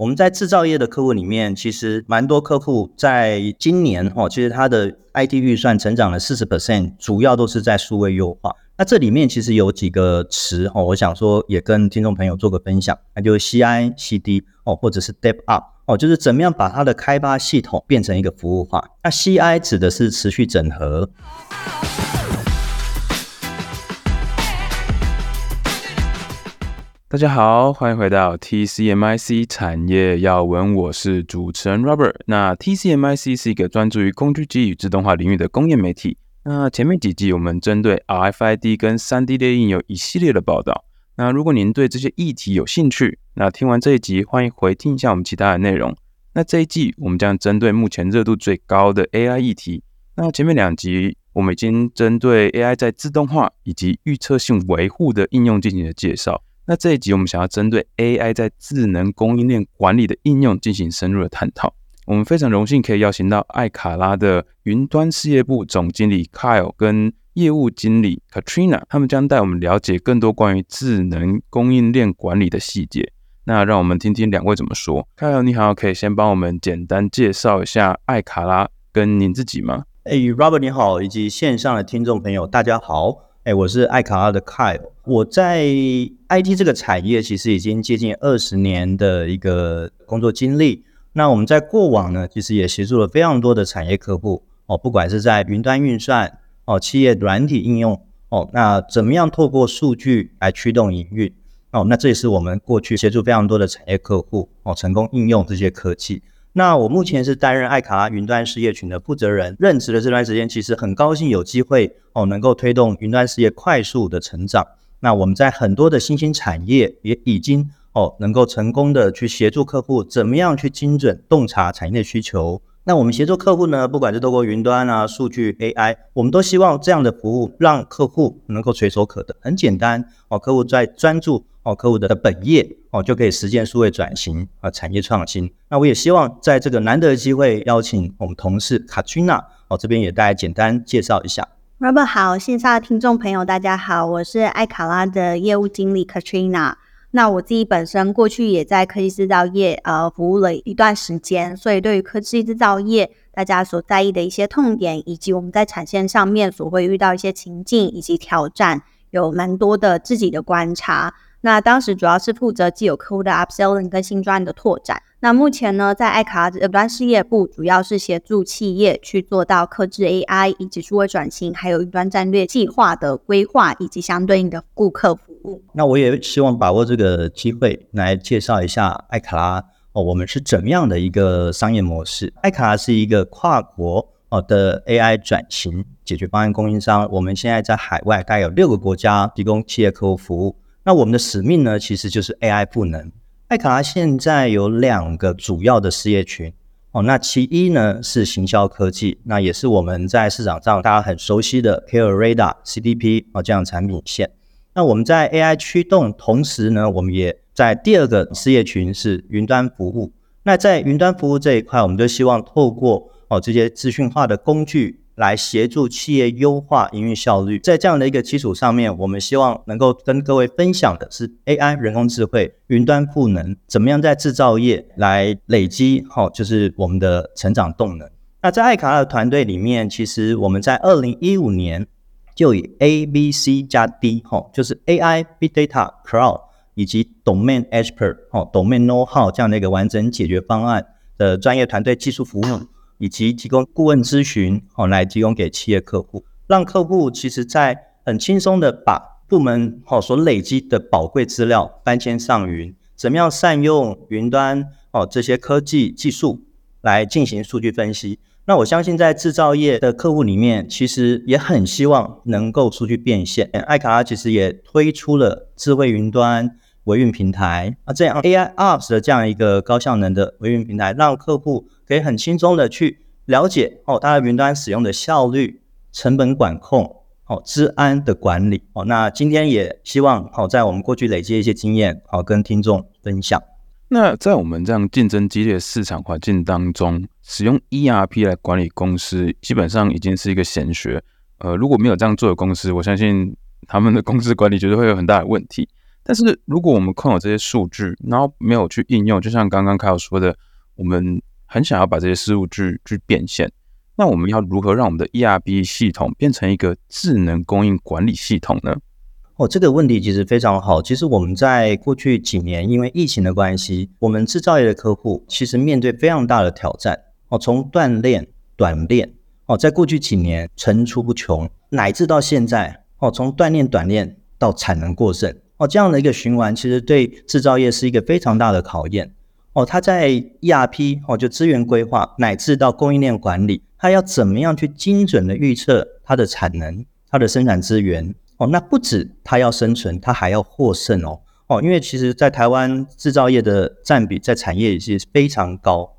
我們在製造業的客戶裡面，其實蠻多客戶在今年哦，其實他的 IT 預算成長了四十 percent，主要都是在數位優化。那這裡面其實有幾個詞哦，我想說也跟聽眾朋友做個分享，那就是 CI、CD 哦，或者是 DevOps 哦，就是怎麼樣把它的開發系統變成一個服務化。那 CI 指的是持續整合。大家好，歡迎回到 TCMIC 產業要聞，我是主持人 Robert。那 TCMIC 是一個專注於工具機與自動化領域的工業媒體。那前面幾集我們針對 RFID 跟 3D 列印有一系列的報道。那如果您對這些議題有興趣，那聽完這一集，歡迎回聽一下我們其他的內容。那這一季我們將針對目前熱度最高的 AI 議題。那前面兩集我們已經針對 AI 在自動化以及預測性維護的應用進行了介紹。那這一集我們想要針對 AI 在智能供應鏈管理的應用進行深入的探討。我們非常榮幸可以邀請到艾卡拉的雲端事業部總經理 Kyle 跟業務經理 Katrina，他們將帶我們了解更多關於智能供應鏈管理的細節。那讓我們聽聽兩位怎麼說。Kyle 你好，可以先幫我們簡單介紹一下艾卡拉跟您自己嗎？哎、欸，Robert 你好，以及線上的聽眾朋友大家好。哎、欸，我是艾卡拉的 Kyle。我在 IT 這個產業其實已經接近二十年的一個工作經歷。那我們在過往呢，其實也協助了非常多的產業客戶哦，不管是在雲端運算哦、企業軟體應用哦，那怎麼樣透過數據來驅動營運哦？那這也是我們過去協助非常多的產業客戶哦，成功應用這些科技。那我目前是擔任愛卡拉雲端事業群的負責人，任職的這段時間，其實很高興有機會哦，能夠推動雲端事業快速的成長。那我們在很多的新興產業也已經哦，能夠成功的去協助客戶怎麼樣去精準洞察產業的需求。那我們協助客戶呢，不管是透過雲端啊、數據、AI，我們都希望這樣的服務讓客戶能夠垂手可得。很簡單哦，客戶在專注哦，客戶的本業哦，就可以實現數位轉型啊，產業創新。那我也希望在這個難得的機會，邀請我們同事 Katrina 哦，這邊也大家簡單介紹一下。Robert 好，線下的聽眾朋友大家好，我是愛卡拉的業務經理 Katrina。那我自己本身過去也在科技製造業呃服務了一段時間，所以對於科技製造業大家所在意的一些痛點，以及我們在產線上面所會遇到一些情境以及挑戰，有蠻多的自己的觀察。那當時主要是負責既有客戶的 upselling 跟新專案的拓展。那目前呢，在愛卡拉雲端事業部，主要是協助企業去做到客製 AI 以及數位轉型，還有雲端戰略計劃的規劃以及相對應的顧客服務。那我也希望把握這個機會，來介紹一下艾卡拉哦，我們是怎麼樣的一個商業模式？艾卡拉是一個跨國哦的 AI 轉型解決方案供應商。我們現在在海外大概有六個國家提供企業客戶服務。那我們的使命呢，其實就是 AI 賦能。艾卡拉現在有兩個主要的事業群哦，那其一呢是行銷科技，那也是我們在市場上大家很熟悉的 KOL Radar CDP 啊、哦、這樣的產品線。那我們在 AI 驅動，同時呢，我們也在第二個事業群是雲端服務。那在雲端服務這一塊，我們就希望透過哦這些資訊化的工具。來協助企業優化營運效率，在這樣的一個基礎上面，我們希望能夠跟各位分享的是 AI、人工智慧、雲端賦能，怎麼樣在制造業來累積好、哦、就是我們的成長動能。那在 iKala 的團隊裡面，其實我們在二零一五年就以 A、BC、B、C 加 D，哈、哦，就是 AI、Big Data、Cloud 以及 Domain Expert、哦、哈 Dom、Domain Know-how 這樣的一個完整解決方案的專業團隊技術服務。嗯以及提供顧問諮詢，哦，來提供給企業客戶，讓客戶其實，在很輕鬆的把部門哦所累積的寶貴資料搬遷上雲，怎麼樣善用雲端哦這些科技技術來進行數據分析？那我相信在制造業的客戶裡面，其實也很希望能夠數據變現。艾卡拉其實也推出了智慧雲端。維運平台啊，這樣 AI Ops 的這樣一個高效能的維運平台，讓客戶可以很輕鬆的去了解哦，它的雲端使用的效率、成本管控、哦，資安的管理哦。那今天也希望哦，在我們過去累積一些經驗哦，跟聽眾分享。那在我們這樣競爭激烈的市場環境當中，使用 ERP 來管理公司，基本上已經是一個顯學。呃，如果沒有這樣做的公司，我相信他們的公司管理絕對會有很大的問題。 但是，如果我們空有這些數據，然後沒有去應用，就像剛剛 Kyle 說的，我們很想要把這些數據去，去變現，那我們要如何讓我們的 ERP 系統變成一個智能供應管理系統呢？哦，這個問題其實非常好。其實我們在過去幾年，因為疫情的關係，我們製造業的客戶其實面對非常大的挑戰。哦，從斷鏈、短鏈，哦，在過去幾年層出不窮，乃至到現在，哦，從斷鏈、短鏈到產能過剩。哦，這樣的一個循環，其實對製造業是一個非常大的考驗。哦，它在 ERP 哦，就資源規劃乃至到供應鏈管理，它要怎麼樣去精準地預測它的產能、它的生產資源？哦，那不止它要生存，它還要獲勝哦哦，因為其實在台灣製造業的占比在產業也是非常高。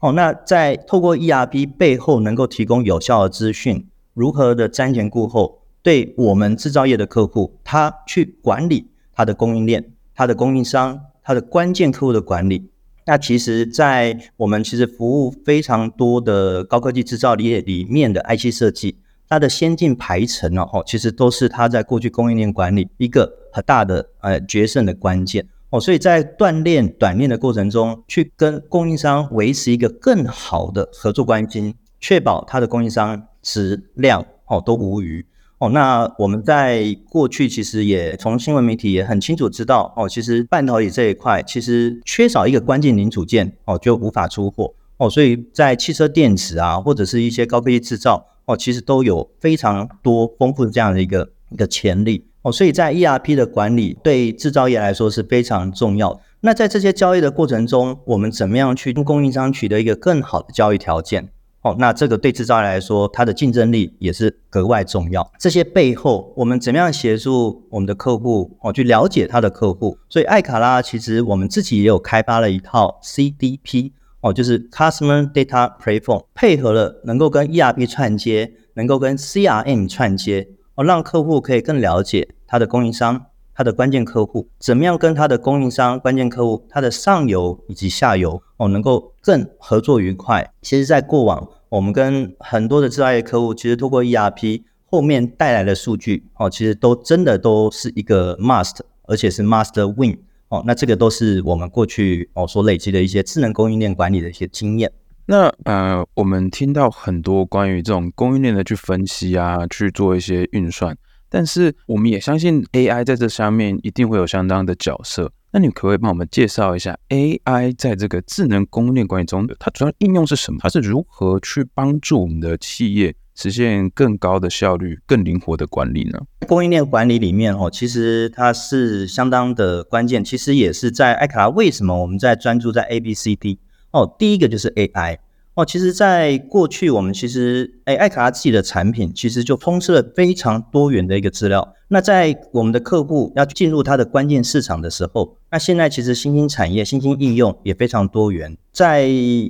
哦，那在透過 ERP 背後能夠提供有效的資訊，如何的瞻前顧後？對我們制造業的客戶，他去管理他的供應鏈、他的供應商、他的關鍵客戶的管理，那其實，在我們其實服務非常多的高科技制造業裡面的 IC 設計，它的先進排程哦，其實都是他在過去供應鏈管理一個很大的呃決勝的關鍵哦。所以在斷鏈、短鏈的過程中，去跟供應商維持一個更好的合作關係，確保他的供應商質量哦都無虞。哦，那我們在過去其實也從新聞媒體也很清楚知道，哦，其實半導體這一塊其實缺少一個關鍵零組件，哦，就無法出貨，哦，所以在汽車電池啊或者是一些高科技製造，哦，其實都有非常多豐富的這樣的一個一個潛力，哦，所以在 ERP 的管理對製造業來說是非常重要的。那在這些交易的過程中，我們怎麼樣去跟供應商取得一個更好的交易條件？哦，那這個對製造業來說，它的競爭力也是格外重要。這些背後，我們怎麼樣協助我們的客戶哦去了解他的客戶？所以，愛卡拉其實我們自己也有開發了一套 CDP 哦，就是 Customer Data Platform，配合了能夠跟 ERP 串接，能夠跟 CRM 串接哦，讓客戶可以更了解他的供應商、他的關鍵客戶，怎麼樣跟他的供應商、關鍵客戶、他的上游以及下游哦，能夠更合作愉快。其實，在過往，我們跟很多的製造業客戶，其實通過 ERP 後面帶來的數據，哦，其實都真的都是一個 must，而且是 must win，哦，那這個都是我們過去哦所累積的一些智能供應鏈管理的一些經驗。那呃，我們聽到很多關於這種供應鏈的去分析啊，去做一些運算，但是我們也相信 AI 在這上面一定會有相當的角色。那你可不可以幫我們介紹一下 AI 在這個智能供應鏈管理中的它主要應用是什麼？它是如何去幫助我們的企業實現更高的效率、更靈活的管理呢？供應鏈管理裡面哦，其實它是相當的關鍵。其實也是在艾卡拉。為什麼我們在專注在 A、B、C、D 哦，第一個就是 AI。哦，其實，在過去，我們其實，哎、欸，艾卡拉自己的產品其實就充斥了非常多元的一個資料。那在我們的客戶要進入它的關鍵市場的時候，那現在其實新興產業、新興應用也非常多元。在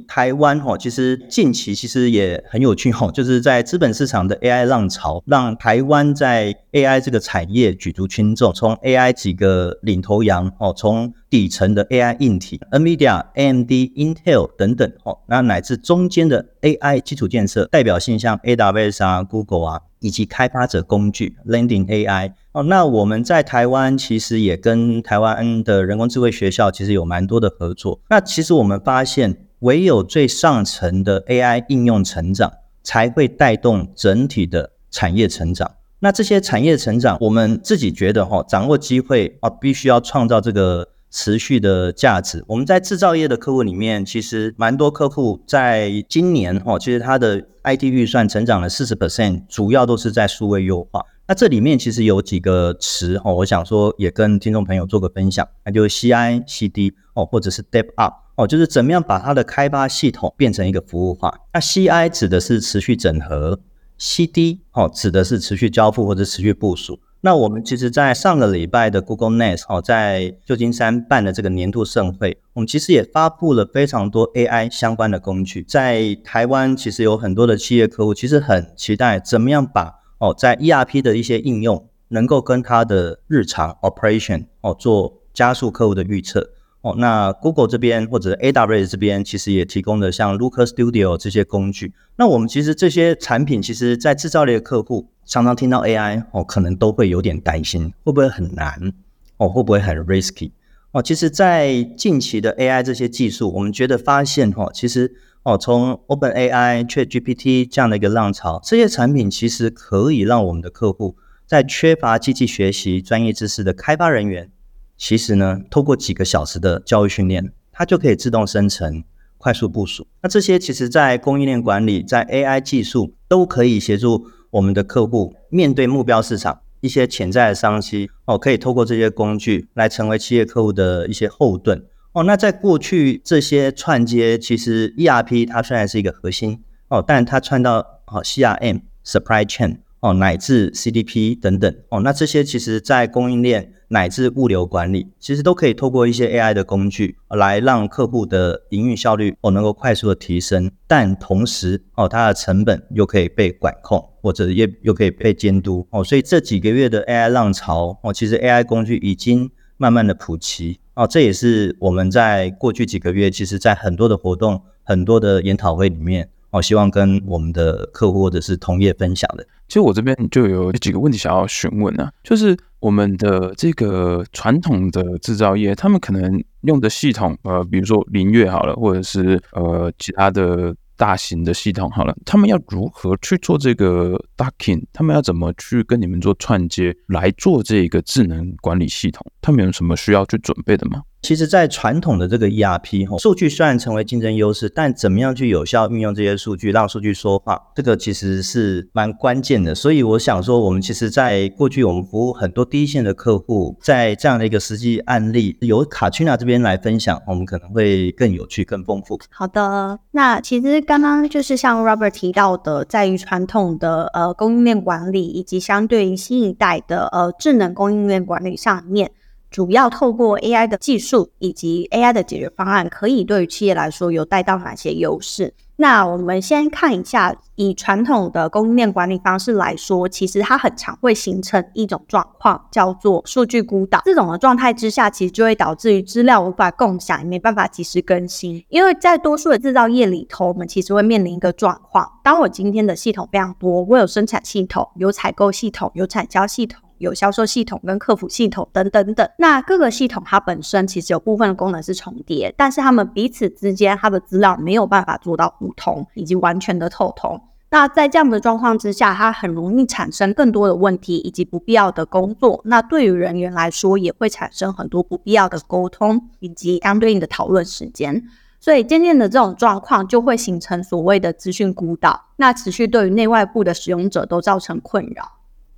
台灣，哈、哦，其實近期其實也很有趣，哈、哦，就是在資本市場的 AI 浪潮，讓台灣在 AI 這個產業舉足輕重。從 AI 幾個領頭羊，哦，從底層的 AI 硬體，NVIDIA、AMD、Intel 等等，哈、哦，那乃至中。中間的 AI 基礎建設，代表性像 AWS 啊、Google 啊，以及開發者工具 Landing AI。哦，那我們在台灣其實也跟台灣的人工智慧學校其實有蠻多的合作。那其實我們發現，唯有最上層的 AI 應用成長，才會帶動整體的產業成長。那這些產業成長，我們自己覺得哈、哦，掌握機會啊、哦，必須要創造這個，持續的價值，我們在製造業的客戶裡面，其實蠻多客戶在今年哦，其實他的 IT 預算成長了四十 percent，主要都是在數位優化。那這裡面其實有幾個詞哦，我想說也跟聽眾朋友做個分享，那就是 CI、CD 哦，或者是 DevOps 哦，Up，就是怎麼樣把它的開發系統變成一個服務化。那 CI 指的是持續整合，CD 哦指的是持續交付或者持續部署。那我們其實，在上個禮拜的 Google Next 哦，在舊金山辦的這個年度盛會，我們其實也發布了非常多 AI 相關的工具。在台灣，其實有很多的企業客戶，其實很期待怎麼樣把哦，在 ERP 的一些應用，能夠跟他的日常 operation 哦做加速客戶的預測。哦，那 Google 這邊或者 AWS 這邊其實也提供了像 Looker Studio 這些工具。那我們其實這些產品，其實，在製造類的客戶常常聽到 AI，哦，可能都會有點擔心，會不會很難？哦，會不會很 risky？哦，其實，在近期的 AI 這些技術，我們覺得發現，哈，其實，哦，從 OpenAI、ChatGPT 這樣的一個浪潮，這些產品其實可以讓我們的客戶在缺乏機器學習專業知識的開發人員。其實呢，透過幾個小時的教育訓練，它就可以自動生成、快速部署。那這些其實，在供應鏈管理、在 AI 技術，都可以協助我們的客戶面對目標市場一些潛在的商機哦。可以透過這些工具來成為企業客戶的一些後盾哦。那在過去，這些串接其實 ERP 它雖然是一個核心哦，但它串到哦 CRM、Supply Chain。哦，乃至 CDP 等等哦，那這些其實，在供應鏈乃至物流管理，其實都可以透過一些 AI 的工具，哦，來讓客戶的營運效率哦能夠快速的提升，但同時哦它的成本又可以被管控，或者也又可以被監督哦。所以這幾個月的 AI 浪潮哦，其實 AI 工具已經慢慢的普及哦，這也是我們在過去幾個月，其實在很多的活動、很多的研討會裡面。我希望跟我們的客戶或者是同業分享的。其實我這邊就有幾個問題想要詢問啊，就是我們的這個傳統的製造業，他們可能用的系統，呃，比如說林越好了，或者是呃其他的大型的系統好了，他們要如何去做這個 docking？他們要怎麼去跟你們做串接來做這個智能管理系統？他們有什麼需要去準備的嗎？其實，在傳統的這個 ERP 哈，數據雖然成為競爭優勢，但怎麼樣去有效運用這些數據，讓數據說話，啊，這個其實是蠻關鍵的。所以我想說，我們其實，在過去我們服務很多第一線的客戶，在這樣的一個實際案例，由 Katrina 這邊來分享，我們可能會更有趣、更豐富。好的，那其實剛剛就是像 Robert 提到的，在於傳統的呃供應鏈管理，以及相對於新一代的呃智能供應鏈管理上面。主要透過 AI 的技術以及 AI 的解決方案，可以對於企業來說有帶到哪些優勢？那我們先看一下，以傳統的供應鏈管理方式來說，其實它很常會形成一種狀況，叫做數據孤島。這種的狀態之下，其實就會導致於資料無法共享，也沒辦法及時更新。因為在多數的制造業裡頭，我們其實會面臨一個狀況：當我今天的系統非常多，我有生產系統，有採購系統，有產銷系統。有銷售系統、跟客服系統等等等，那各個系統它本身其實有部分的功能是重疊，但是他們彼此之間它的資料沒有辦法做到互通以及完全的透通。那在這樣的狀況之下，它很容易產生更多的問題以及不必要的工作。那對於人員來說，也會產生很多不必要的溝通以及相對應的討論時間。所以漸漸的這種狀況就會形成所謂的資訊孤島。那持續對於內外部的使用者都造成困擾。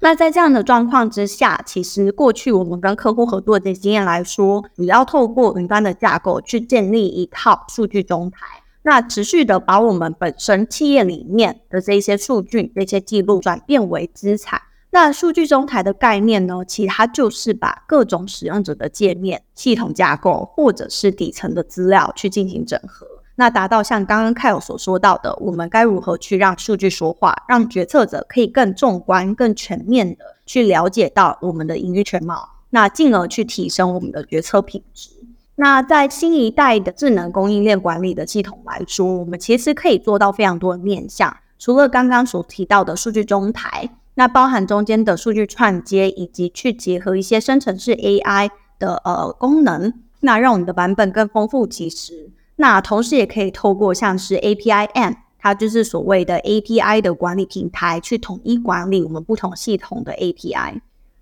那在這樣的狀況之下，其實過去我們跟客戶合作的經驗來說，你要透過雲端的架構去建立一套數據中台，那持續的把我們本身企業裡面的這些數據、這些記錄轉變為資產。那數據中台的概念呢，其他就是把各種使用者的界面、系統架構或者是底層的資料去進行整合。那達到像剛剛 Kyle 所說到的，我們該如何去讓數據說話，讓決策者可以更縱觀、更全面的去了解到我們的盈餘全貌，那進而去提升我們的決策品質。那在新一代的智能供應鏈管理的系統來說，我們其實可以做到非常多的面向，除了剛剛所提到的數據中台，那包含中間的數據串接，以及去結合一些生成式 AI 的呃功能，那讓我們的版本更豐富、其實那同時也可以透過像是 APIM，它就是所謂的 API 的管理平台，去統一管理我們不同系統的 API。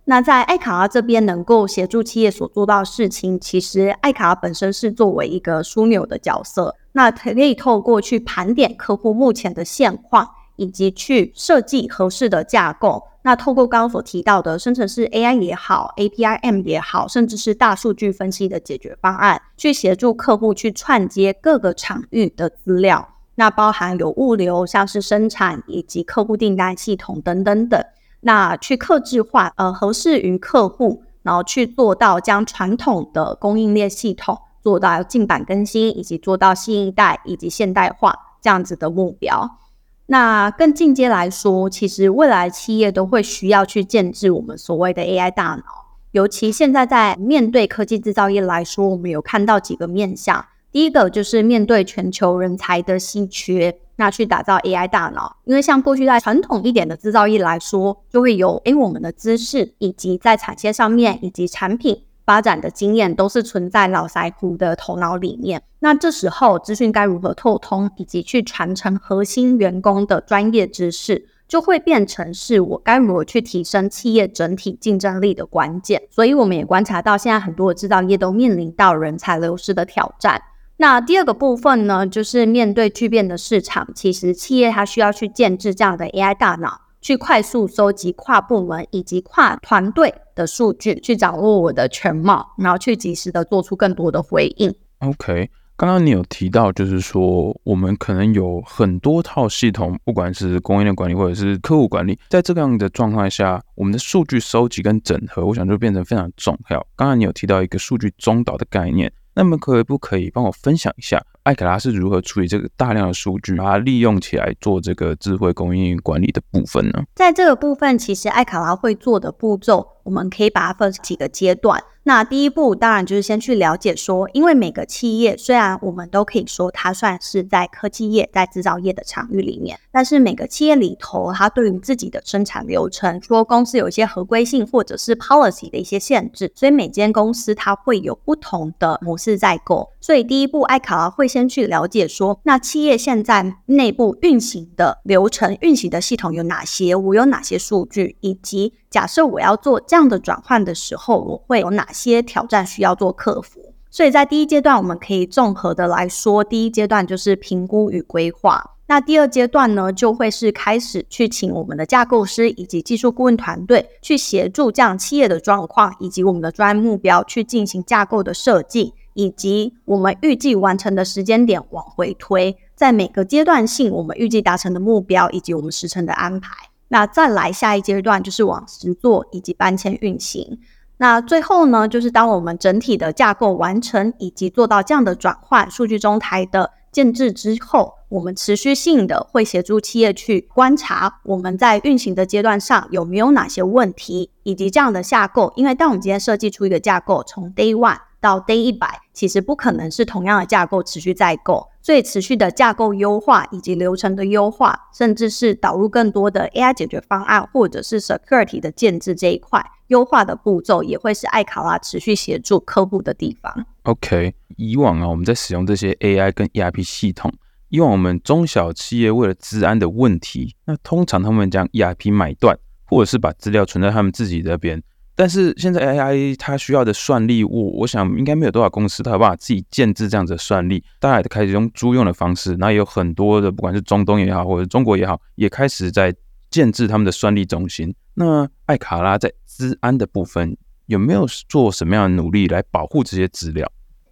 那在 iKala 這邊能夠協助企業所做到的事情，其實 iKala 本身是作為一個樞紐的角色，那可以透過去盤點客戶目前的現況，以及去設計合適的架構。那透過剛剛所提到的生成式 AI 也好，APIM 也好，甚至是大數據分析的解決方案，去協助客戶去串接各個場域的資料，那包含有物流、像是生產以及客戶訂單系統等等等，那去客制化，呃，合適於客戶，然後去做到將傳統的供應鏈系統做到進版更新，以及做到新一代以及現代化這樣子的目標。那更進階來說，其實未來企業都會需要去建置我們所謂的 AI 大腦。尤其現在在面對科技制造業來說，我們有看到幾個面向。第一個就是面對全球人才的稀缺，那去打造 AI 大腦。因為像過去在傳統一點的制造業來說，就會有哎、欸、我們的知識，以及在產線上面，以及產品。發展的經驗都是存在老師傅的頭腦裡面。那這時候，資訊該如何透通，以及去傳承核心員工的專業知識，就會變成是我該如何去提升企業整體競爭力的關鍵。所以，我們也觀察到，現在很多的制造業都面臨到人才流失的挑戰。那第二個部分呢，就是面對巨變的市場，其實企業它需要去建置這樣的 AI 大腦。去快速收集跨部門以及跨團隊的數據，去掌握我的全貌，然後去及時的做出更多的回應。OK，剛剛你有提到，就是說我們可能有很多套系統，不管是供應鏈管理或者是客戶管理，在這樣的狀態下，我們的數據收集跟整合，我想就變得非常重要。剛剛你有提到一個數據中導的概念，那麼可不可以幫我分享一下？艾卡拉是如何處理這個大量的數據，把它利用起來做這個智慧供應鏈管理的部分呢？在這個部分，其實艾卡拉會做的步驟，我們可以把它分幾個階段。那第一步當然就是先去了解說，因為每個企業雖然我們都可以說它算是在科技業、在製造業的場域裡面，但是每個企業裡頭，它對於自己的生產流程，說公司有一些合規性或者是 policy 的一些限制，所以每間公司它會有不同的模式在購。所以第一步，艾卡拉會先去了解說，那企業現在內部運行的流程，運行的系統有哪些，我有哪些數據，以及。假設我要做這樣的轉換的時候，我會有哪些挑戰需要做克服？所以在第一階段，我們可以綜合的來說，第一階段就是評估與規劃。那第二階段呢，就會是開始去請我們的架構師以及技術顧問團隊去協助，這樣企業的狀況以及我們的專案目標去進行架構的設計，以及我們預計完成的時間點往回推，在每個階段性我們預計達成的目標以及我們時程的安排。那再來下一階段就是往實做以及搬遷運行。那最後呢，就是當我們整體的架構完成以及做到這樣的轉換、數據中台的建置之後，我們持續性的會協助企業去觀察我們在運行的階段上有沒有哪些問題，以及這樣的架構。因為當我們今天設計出一個架構，從 Day One。到 day 一百，其實不可能是同樣的架構持續在購，所以持續的架構優化以及流程的優化，甚至是導入更多的 AI 解決方案，或者是 security 的建置這一塊優化的步驟，也會是 iKala 持續協助客戶的地方。OK，以往啊，我們在使用這些 AI 跟 ERP 系統，以往我們中小企業為了資安的問題，那通常他們將 ERP 買斷，或者是把資料存在他們自己這邊。但是現在 AI 它需要的算力，我、哦、我想應該沒有多少公司它有辦法自己建置這樣子的算力，大家開始用租用的方式。那也有很多的，不管是中東也好，或者是中國也好，也開始在建置他們的算力中心。那艾卡拉在資安的部分有沒有做什麼樣的努力來保護這些資料？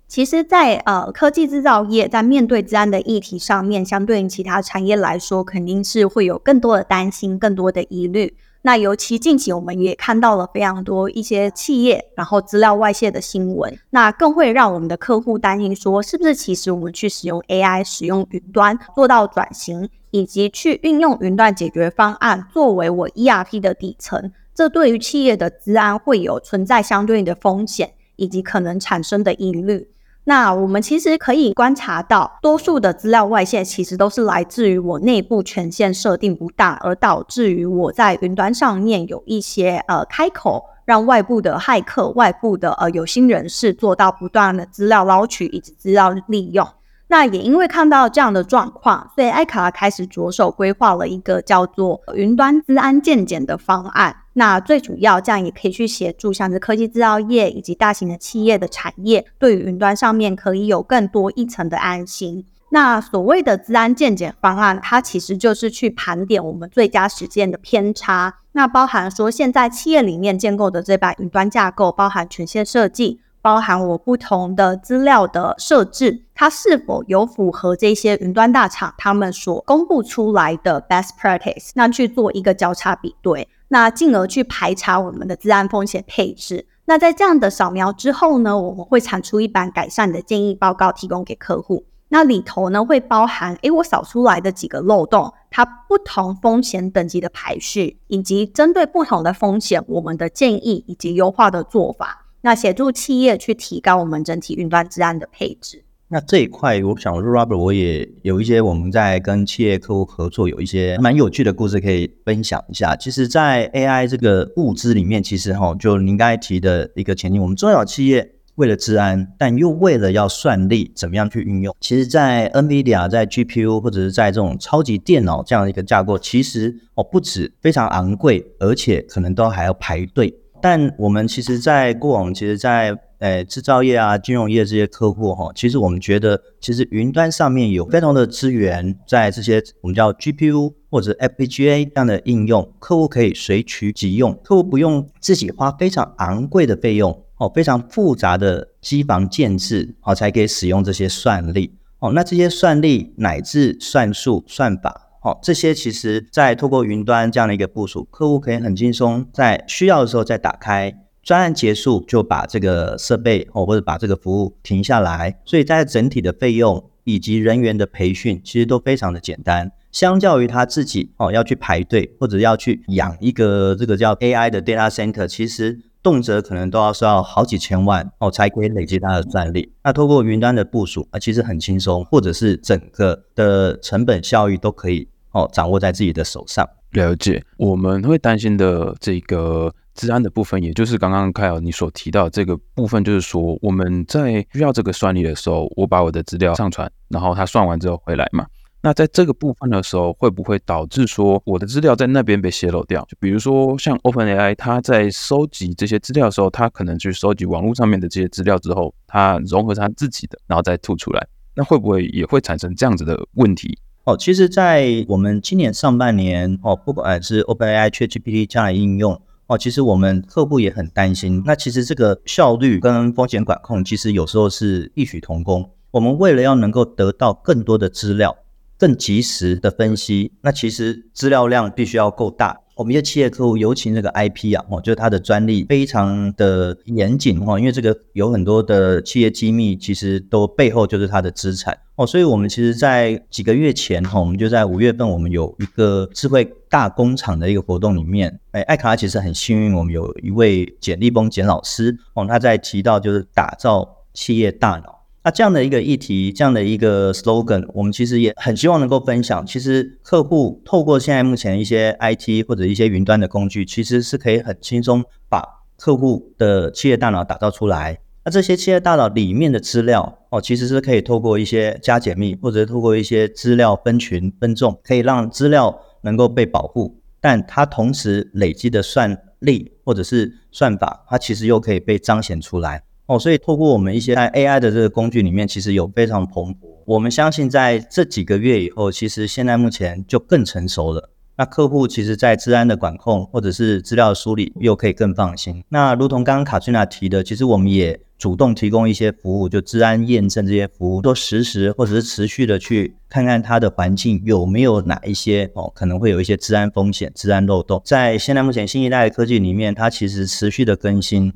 其實在，在呃科技制造業在面對資安的議題上面，相對於其他產業來說，肯定是會有更多的擔心，更多的疑慮。那尤其近期，我們也看到了非常多一些企業，然後資料外泄的新聞，那更會讓我們的客戶擔心，說是不是其實我們去使用 AI、使用雲端做到轉型，以及去運用雲端解決方案作為我 ERP 的底層，這對於企業的資安會有存在相對應的風險，以及可能產生的疑慮。那我們其實可以觀察到，多數的資料外泄其實都是來自於我內部權限設定不當，而導致於我在雲端上面有一些呃開口，讓外部的駭客、外部的呃有心人士做到不斷的資料撈取以及資料利用。那也因為看到這樣的狀況，所以艾卡拉開始着手規劃了一個叫做雲端資安健檢的方案。那最主要，這樣也可以去協助像是科技製造業以及大型的企業的產業，對於雲端上面可以有更多一層的安心。那所謂的資安健檢方案，它其實就是去盤點我們最佳實踐的偏差。那包含說，現在企業裡面建構的這版雲端架構，包含權限設計。包含我不同的資料的設置，它是否有符合這些雲端大廠他們所公布出來的 best practice，那去做一個交叉比對，那進而去排查我們的資安風險配置。那在這樣的掃描之後呢，我們會產出一版改善的建議報告，提供給客戶。那裡頭呢，會包含，誒，我掃出來的幾個漏洞，它不同風險等級的排序，以及針對不同的風險，我們的建議以及優化的做法。那協助企業去提高我們整體雲端資安的配置。那這一塊，我想說，Robert 我也有一些我們在跟企業客戶合作有一些蠻有趣的故事可以分享一下。其實，在 AI 這個物資裡面，其實哈，就您剛才提的一個前提，我們中小企業為了資安，但又為了要算力，怎麼樣去運用？其實，在 NVIDIA 在 GPU 或者是在這種超級電腦這樣的一個架構，其實哦不止非常昂貴，而且可能都還要排隊。但我們其實，在過往，其實在，在誒制造業啊、金融業這些客戶哈，其實我們覺得，其實雲端上面有非常的資源，在這些我們叫 G P U 或者 F P G A 這樣的應用，客戶可以隨取即用，客戶不用自己花非常昂貴的費用哦，非常複雜的機房建置哦，才可以使用這些算力哦。那這些算力乃至算術算法。哦，這些其實在透過雲端這樣的一個部署，客戶可以很輕鬆在需要的時候再打開，專案結束就把這個設備哦或者把這個服務停下來，所以在整體的費用以及人員的培訓其實都非常的簡單。相較於他自己哦要去排隊或者要去養一個這個叫 AI 的 data center，其實動輒可能都要要好幾千萬哦才可以累積他的算力。那透過雲端的部署啊，其實很輕鬆，或者是整個的成本效益都可以。哦，掌握在自己的手上。了解，我們會擔心的這個資安的部分，也就是剛剛 Kyle 你所提到的這個部分，就是說我們在需要這個算力的時候，我把我的資料上傳，然後他算完之後回來嘛。那在這個部分的時候，會不會導致說我的資料在那邊被泄露掉？就比如說像 OpenAI，他在收集這些資料的時候，他可能去收集網絡上面的這些資料之後，他融合他自己的，然後再吐出來，那會不會也會產生這樣子的問題？哦，其實，在我們今年上半年，哦，不管是 OpenAI、ChatGPT 將來應用，哦，其實我們客戶也很擔心。那其實這個效率跟風險管控，其實有時候是異曲同工。我們為了要能夠得到更多的資料，更及時的分析，那其實資料量必須要夠大。我們一些企業客戶，尤其那個 IP 啊，哦，就是他的專利非常的嚴謹哈，因為這個有很多的企業機密，其實都背後就是他的資產哦，所以我們其實，在幾個月前哈，我們就在五月份，我們有一個智慧大工廠的一個活動裡面，哎，艾卡拉其實很幸運，我們有一位簡立峰簡老師哦，他在提到就是打造企業大腦。那這樣的一個議題，這樣的一個 slogan，我們其實也很希望能夠分享。其實客戶透過現在目前一些 IT 或者一些雲端的工具，其實是可以很輕鬆把客戶的企業大腦打造出來。那這些企業大腦裡面的資料哦，其實是可以透過一些加解密或者透過一些資料分群分眾，可以讓資料能夠被保護，但它同時累積的算力或者是算法，它其實又可以被彰顯出來。哦，所以透過我們一些在 AI 的這個工具裡面，其實有非常的蓬勃。我們相信在這幾個月以後，其實現在目前就更成熟了。那客戶其實在資安的管控或者是資料的梳理又可以更放心。那如同剛剛 Katrina 提的，其實我們也主動提供一些服務，就資安驗證這些服務，都實時或者是持續的去看看它的環境有沒有哪一些哦，可能會有一些資安風險、資安漏洞。在現在目前新一代的科技裡面，它其實持續的更新。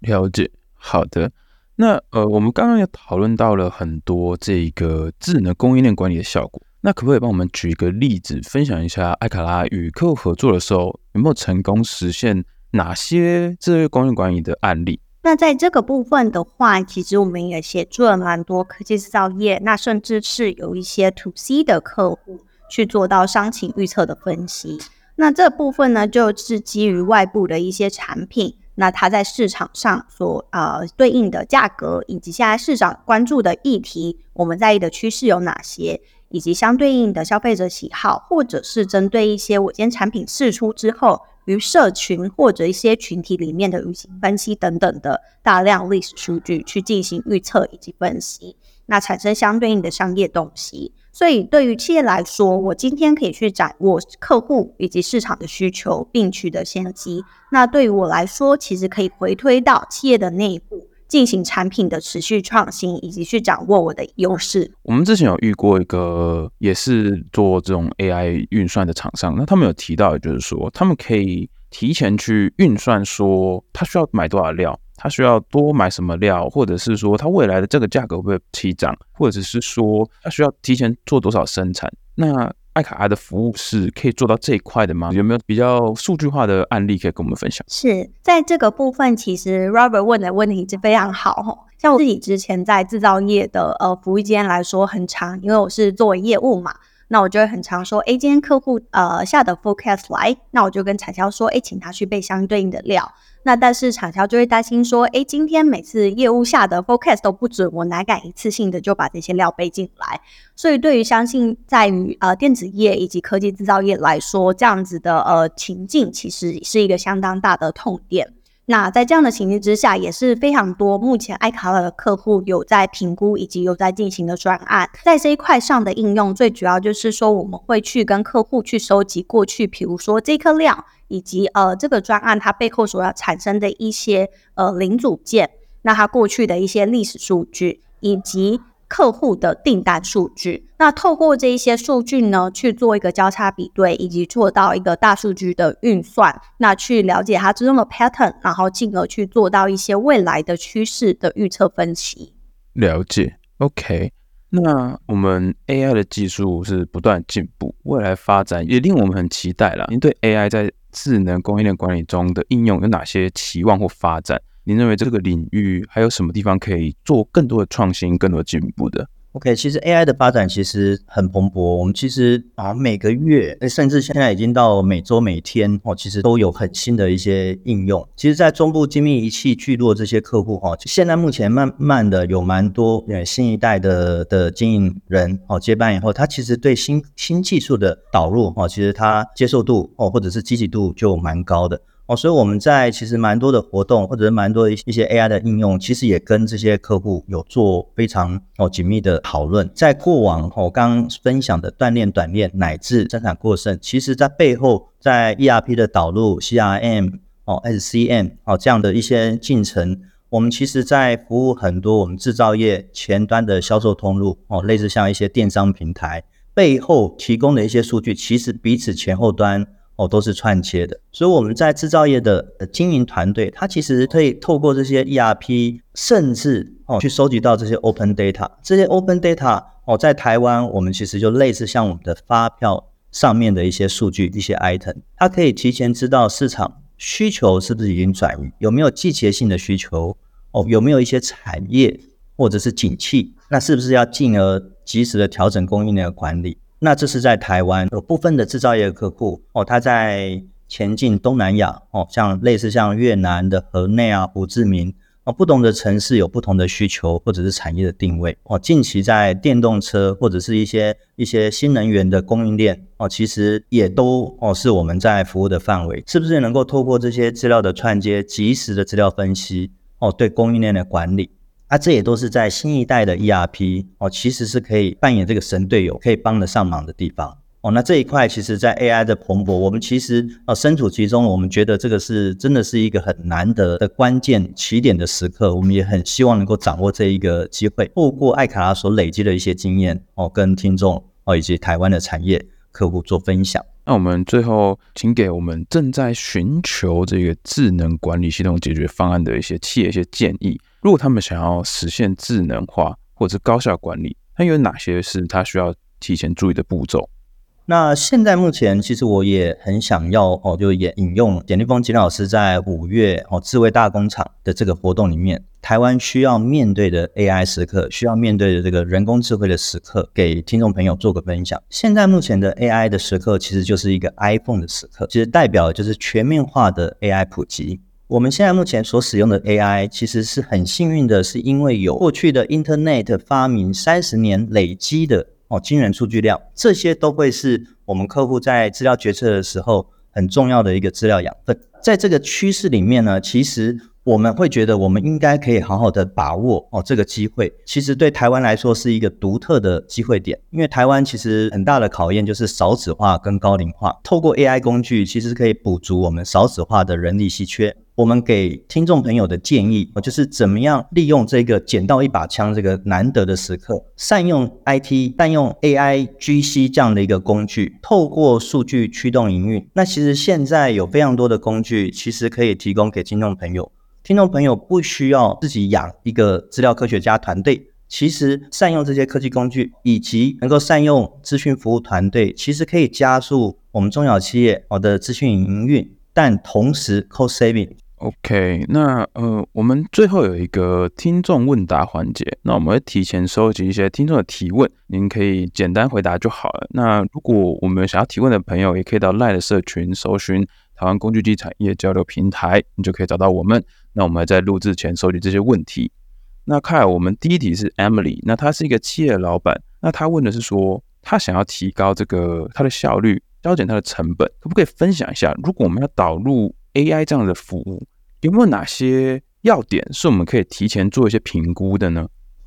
了解。好的，那呃，我們剛剛也討論到了很多這一個智能供應鏈管理的效果。那可不可以幫我們舉一個例子，分享一下艾卡拉與客戶合作的時候有沒有成功實現哪些這個供應鏈管理的案例？那在這個部分的話，其實我們也協助了蠻多科技制造業，那甚至是有一些 To C 的客戶去做到商情預測的分析。那這部分呢，就是基於外部的一些產品。那它在市場上所呃對應的價格，以及現在市場關注的議題，我們在意的趨勢有哪些，以及相對應的消費者喜好，或者是針對一些我今天產品試出之後，與社群或者一些群體裡面的輿情分析等等的大量歷史數據去進行預測以及分析，那產生相對應的商業洞悉。所以，對於企業來說，我今天可以去掌握客戶以及市場的需求，並取得先機。那對於我來說，其實可以回推到企業的內部，進行產品的持續創新，以及去掌握我的優勢。我們之前有遇過一個也是做這種 AI 運算的廠商，那他們有提到，就是說他們可以提前去運算，說他需要買多少料。他需要多買什麼料，或者是說他未來的這個價格會不會提漲，或者是說他需要提前做多少生產？那 iKala 的服務是可以做到這一塊的嗎？有沒有比較數據化的案例可以跟我們分享？是在這個部分，其實 Robert 問的問題就非常好。像我自己之前在製造業的呃服務間來說很長，因為我是做業務嘛。那我就會很常說，哎、欸，今天客戶呃下的 forecast 來，那我就跟產銷說，哎、欸，請他去備相對應的料。那但是產銷就會擔心說，哎、欸，今天每次業務下的 forecast 都不準，我哪敢一次性的就把這些料備進來？所以，對於相信在於呃電子業以及科技制造業來說，這樣子的呃情境，其實也是一個相當大的痛點。那在這樣的情形之下，也是非常多。目前 iKala 的客戶有在評估，以及有在進行的專案，在這一塊上的應用，最主要就是說，我們會去跟客戶去收集過去，比如說這一顆料，以及呃這個專案它背後所要產生的一些呃零組件，那它過去的一些歷史數據，以及。客戶的訂單數據，那透過這一些數據呢去做一個交叉比對，以及做到一個大數據的運算，那去了解它之中的 pattern，然後進而去做到一些未來的趨勢的預測分析。了解，OK。那我們 AI 的技術是不斷進步，未來發展也令我們很期待啦。您對 AI 在智能供應鏈管理中的應用有哪些期望或發展？您認為這個領域還有什麼地方可以做更多的創新、更多的進步的？OK，其實 AI 的發展其實很蓬勃。我們其實啊，每個月，甚至現在已經到每周、每天哦，其實都有很新的一些應用。其實，在中部精密儀器聚落這些客戶哦，現在目前慢慢的有蠻多呃新一代的的經營人哦接班以後，他其實對新新技術的導入哈，其實他接受度哦，或者是積極度就蠻高的。所以我們在其實蠻多的活動，或者蠻多一一些 AI 的應用，其實也跟這些客戶有做非常哦緊密的討論。在過往哦，我剛剛分享的斷鏈短鏈乃至生產過剩，其實在背後，在 ERP 的導入、CRM 哦、SCM 哦這樣的一些進程，我們其實在服務很多我們製造業前端的銷售通路哦，類似像一些電商平台背後提供的一些數據，其實彼此前後端。哦，都是串接的，所以我們在製造業的、呃、經營團隊，它其實可以透過這些 ERP，甚至哦去收集到這些 open data。這些 open data 哦，在台灣，我們其實就類似像我們的發票上面的一些數據、一些 item，它可以提前知道市場需求是不是已經轉移，有沒有季節性的需求哦，有沒有一些產業或者是景氣，那是不是要進而及時的調整供應鏈的管理？那這是在台灣有部分的製造業客戶哦，他在前進東南亞哦，像類似像越南的河內啊、胡志明啊、哦，不同的城市有不同的需求或者是產業的定位哦。近期在電動車或者是一些一些新能源的供應鏈哦，其實也都哦是我們在服務的範圍，是不是能夠透過這些資料的串接，即時的資料分析哦，對供應鏈的管理。那、啊、這也都是在新一代的 ERP 哦，其實是可以扮演這個神隊友，可以幫得上忙的地方哦。那這一塊其實，在 AI 的蓬勃，我們其實啊、呃、身處其中，我們覺得這個是真的是一個很難得的關鍵起點的時刻。我們也很希望能夠掌握這一個機會，透過艾卡拉所累積的一些經驗哦，跟聽眾哦以及台灣的產業客戶做分享。那我們最後，請給我們正在尋求這個智能管理系統解決方案的一些企業一些建議。如果他們想要實現智能化或者高效管理，那有哪些是他需要提前注意的步驟？那現在目前，其實我也很想要哦，就也引用簡立峰簡老師在五月哦智慧大工廠的這個活動裡面，台灣需要面對的 AI 時刻，需要面對的這個人工智慧的時刻，給聽眾朋友做個分享。現在目前的 AI 的時刻，其實就是一個 iPhone 的時刻，其實代表的就是全面化的 AI 普及。我們現在目前所使用的 AI，其實是很幸運的，是因為有過去的 Internet 發明三十年累積的哦驚人數據量，這些都會是我們客戶在資料決策的時候很重要的一個資料養分。在這個趨勢裡面呢，其實我們會覺得我們應該可以好好的把握哦這個機會。其實對台灣來說是一個獨特的機會點，因為台灣其實很大的考驗就是少子化跟高齡化，透過 AI 工具其實可以補足我們少子化的人力稀缺。我們給聽眾朋友的建議，就是怎麼樣利用這個撿到一把槍這個難得的時刻，善用 IT、善用 AIGC 這樣的一個工具，透過數據驅動營運。那其實現在有非常多的工具，其實可以提供給聽眾朋友。聽眾朋友不需要自己養一個資料科學家團隊，其實善用這些科技工具，以及能夠善用資訊服務團隊，其實可以加速我們中小企業的資訊營運，但同時 Cost Saving。OK，那呃，我們最後有一個聽眾問答環節，那我們會提前收集一些聽眾的提問，您可以簡單回答就好了。那如果我們想要提問的朋友，也可以到 LINE 的社群搜尋“台灣工具機產業交流平台”，你就可以找到我們。那我們在錄製前收集這些問題。那看我們第一題是 Emily，那他是一個企業的老闆，那他問的是說他想要提高這個他的效率，削減他的成本，可不可以分享一下？如果我們要導入 AI 這樣的服務？有沒有哪些要點是我們可以提前做一些評估的呢？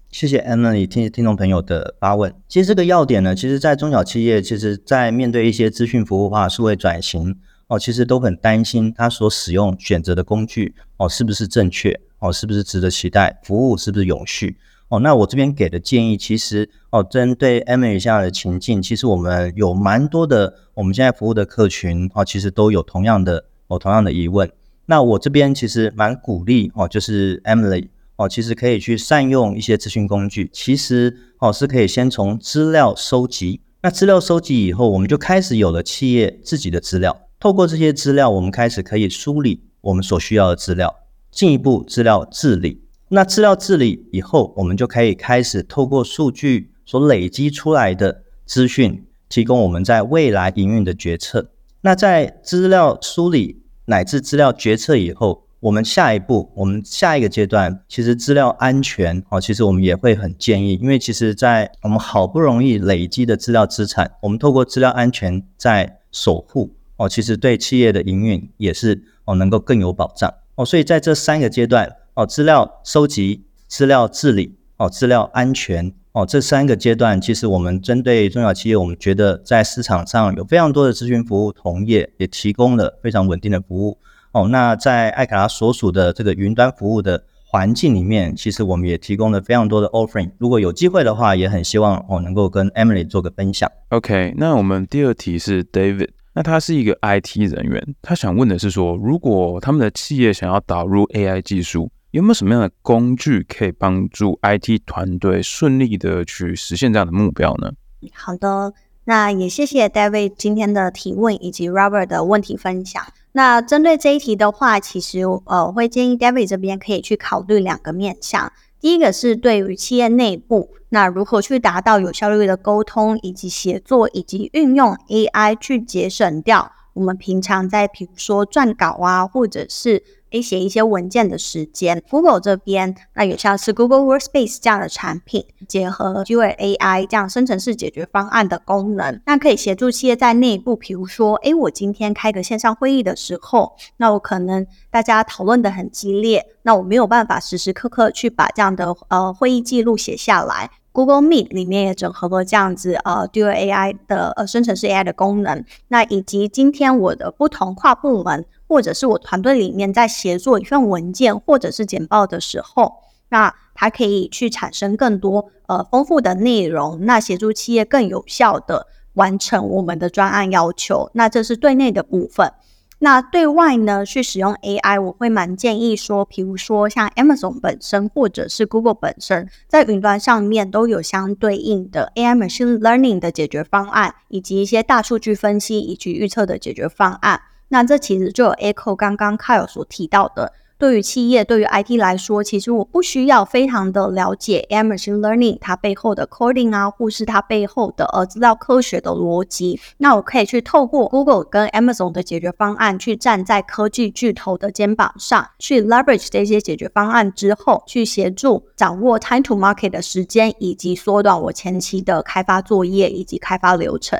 謝謝 Emily，聽聽眾朋友的發問。其實這個要點呢，其實在中小企業，其實在面對一些資訊服務化、數位轉型哦，其實都很擔心他所使用選擇的工具哦，是不是正確哦，是不是值得期待？服務是不是永續？哦，那我這邊給的建議，其實哦，針對 Emily 下的情境，其實我們有蠻多的，我們現在服務的客群哦，其實都有同樣的哦，同樣的疑問。那我這邊其實蠻鼓勵哦，就是 Emily 哦，其實可以去善用一些資訊工具。其實哦是可以先從資料收集，那資料收集以後，我們就開始有了企業自己的資料。透過這些資料，我們開始可以梳理我們所需要的資料，進一步資料治理。那資料治理以後，我們就可以開始透過數據所累積出來的資訊，提供我們在未來營運的決策。那在資料梳理，乃至資料決策以後，我們下一步，我們下一個階段，其實資料安全啊、哦，其實我們也會很建議，因為其實在我們好不容易累積的資料資產，我們透過資料安全在守護哦，其實對企業的營運也是哦能夠更有保障哦，所以在這三個階段哦，資料收集、資料治理、哦資料安全。哦，這三個階段，其實我們針對中小企業，我們覺得在市場上有非常多的諮詢服務同業也提供了非常穩定的服務。哦，那在艾卡拉所屬的這個雲端服務的環境裡面，其實我們也提供了非常多的 offering 如果有機會的話，也很希望我、哦、能夠跟 Emily 做個分享。OK，那我們第二題是 David，那他是一個 IT 人員，他想問的是說，如果他們的企業想要導入 AI 技術。有沒有什麼樣的工具可以幫助 IT 團隊順利的去實現這樣的目標呢？好的，那也謝謝 David 今天的提問，以及 Robert 的問題分享。那針對這一題的話，其實呃，我會建議 David 這邊可以去考慮兩個面向。第一個是對於企業內部，那如何去達到有效率的溝通以及協作，以及運用 AI 去節省掉我們平常在比如說撰稿啊，或者是。可以寫一些文件的時間，Google 這邊那有像是 Google Workspace 這樣的產品，結合 Duet AI 這樣生成式解決方案的功能，那可以協助企業在內部，比如說，哎，我今天開個線上會議的時候，那我可能大家討論得很激烈，那我沒有辦法時時刻刻去把這樣的呃會議記錄寫下來。Google Meet 裡面也整合了這樣子呃 Duet AI 的呃生成式 AI 的功能，那以及今天我的不同跨部門。或者是我團隊裡面在協作一份文件或者是簡報的時候，那它可以去產生更多呃豐富的內容，那協助企業更有效的完成我們的專案要求。那這是對內的部分。那對外呢，去使用 AI，我會蠻建議說，比如說像 Amazon 本身或者是 Google 本身，在雲端上面都有相對應的 AI machine learning 的解決方案，以及一些大數據分析以及預測的解決方案。那這其實就有 Echo 剛剛 Kyle 所提到的，對於企業，對於 IT 來說，其實我不需要非常的了解 AI Machine Learning 它背後的 coding 啊，或是它背後的呃資料科學的邏輯。那我可以去透過 Google 跟 Amazon 的解決方案，去站在科技巨頭的肩膀上去 leverage 這些解決方案之後，去協助掌握 time to market 的時間，以及縮短我前期的開發作業以及開發流程。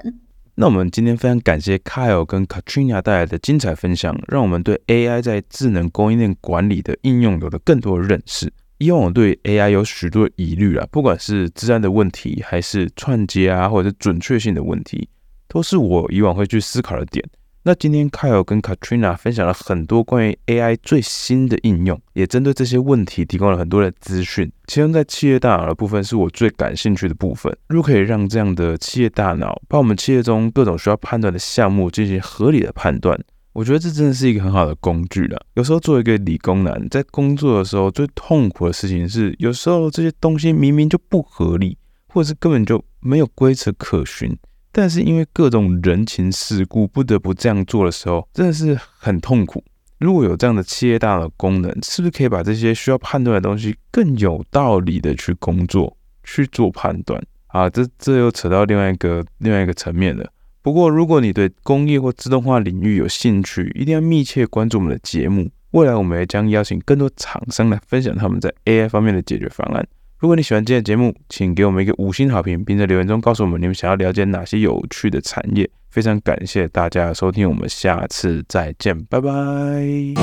那我們今天非常感謝 Kyle 跟 Katrina 帶來的精彩分享，讓我們對 AI 在智能供應鏈管理的應用有了更多的認識。以往我對 AI 有許多的疑慮啊，不管是資安的問題，還是串接啊，或者準確性的問題，都是我以往會去思考的點。那今天 Kyle 跟 Katrina 分享了很多關於 AI 最新的應用，也針對這些問題提供了很多的資訊。其中在企業大腦的部分是我最感興趣的部分。如果可以讓這樣的企業大腦把我們企業中各種需要判斷的項目進行合理的判斷，我覺得這真的是一個很好的工具了。有時候做一個理工男，在工作的時候，最痛苦的事情是，有時候這些東西明明就不合理，或者是根本就沒有規則可循。但是因為各種人情世故不得不這樣做的時候，真的是很痛苦。如果有這樣的企業大腦功能，是不是可以把這些需要判斷的東西更有道理的去工作、去做判斷？啊，這這又扯到另外一個另外一個層面了。不過，如果你對工業或自動化領域有興趣，一定要密切關注我們的節目。未來我們也將邀請更多廠商來分享他們在 AI 方面的解決方案。如果你喜歡今天的節目，請給我們一個五星好評，並在留言中告訴我們你們想要了解哪些有趣的產業。非常感謝大家的收聽，我們下次再見，拜拜。